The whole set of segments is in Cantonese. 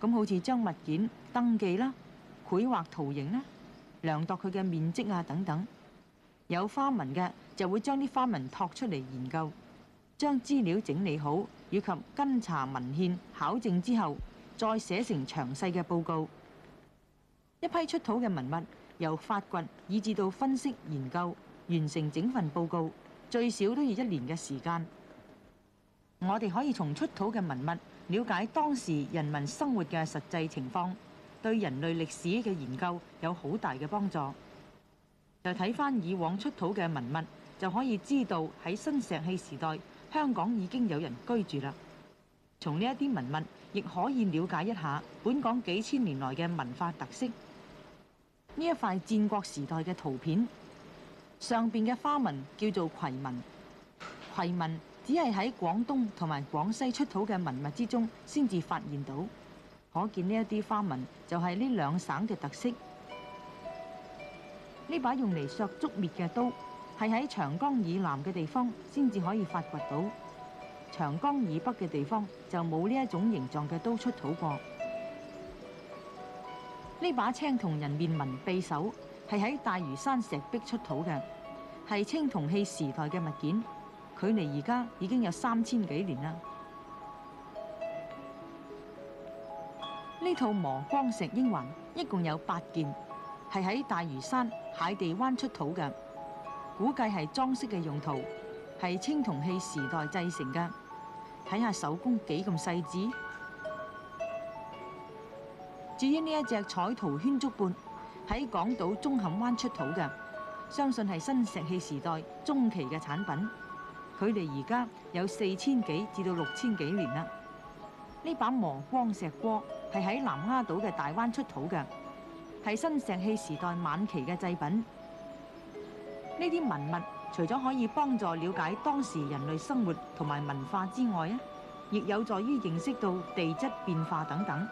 咁好似將物件登記啦、繪畫圖形啦、量度佢嘅面積啊等等，有花紋嘅就會將啲花紋拓出嚟研究，將資料整理好以及跟查文獻考證之後，再寫成詳細嘅報告。一批出土嘅文物由發掘以至到分析研究，完成整份報告最少都要一年嘅時間。我哋可以從出土嘅文物，了解當時人民生活嘅實際情況，對人類歷史嘅研究有好大嘅幫助。就睇翻以往出土嘅文物，就可以知道喺新石器時代香港已經有人居住喇。從呢一啲文物，亦可以了解一下本港幾千年來嘅文化特色。呢一塊戰國時代嘅圖片，上面嘅花紋叫做葵紋，葵紋。只係喺廣東同埋廣西出土嘅文物之中先至發現到，可見呢一啲花紋就係呢兩省嘅特色。呢把用嚟削竹篾嘅刀，係喺長江以南嘅地方先至可以發掘到，長江以北嘅地方就冇呢一種形狀嘅刀出土過。呢把青銅人面紋匕首係喺大嶼山石壁出土嘅，係青銅器時代嘅物件。距離而家已經有三千幾年啦。呢套磨光石英環一共有八件，係喺大嶼山蟹地灣出土嘅，估計係裝飾嘅用途，係青銅器時代製成嘅。睇下手工幾咁細緻。至於呢一隻彩陶圈足盤，喺港島中坎灣出土嘅，相信係新石器時代中期嘅產品。距離而家有四千幾至到六千幾年啦。呢把磨光石鍋係喺南丫島嘅大灣出土嘅，係新石器時代晚期嘅製品。呢啲文物除咗可以幫助了解當時人類生活同埋文化之外，咧亦有助於認識到地質變化等等。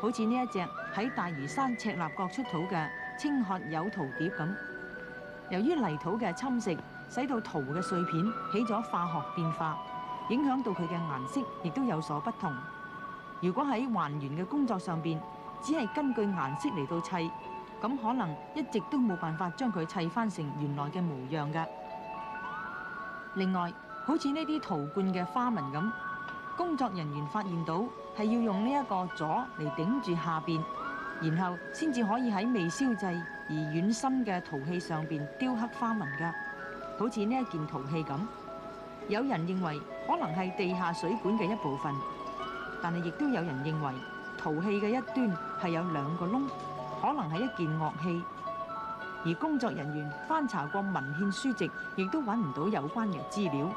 好似呢一隻喺大嶼山赤鱲角出土嘅青褐有圖碟咁。由於泥土嘅侵蝕，使到陶嘅碎片起咗化學變化，影響到佢嘅顏色，亦都有所不同。如果喺還原嘅工作上邊，只係根據顏色嚟到砌，咁可能一直都冇辦法將佢砌翻成原來嘅模樣㗎。另外，好似呢啲陶罐嘅花紋咁，工作人員發現到係要用呢一個座嚟頂住下邊。然後先至可以喺未燒製而軟身嘅陶器上邊雕刻花紋㗎，好似呢一件陶器咁。有人認為可能係地下水管嘅一部分，但係亦都有人認為陶器嘅一端係有兩個窿，可能係一件樂器。而工作人員翻查過文獻書籍，亦都揾唔到有關嘅資料。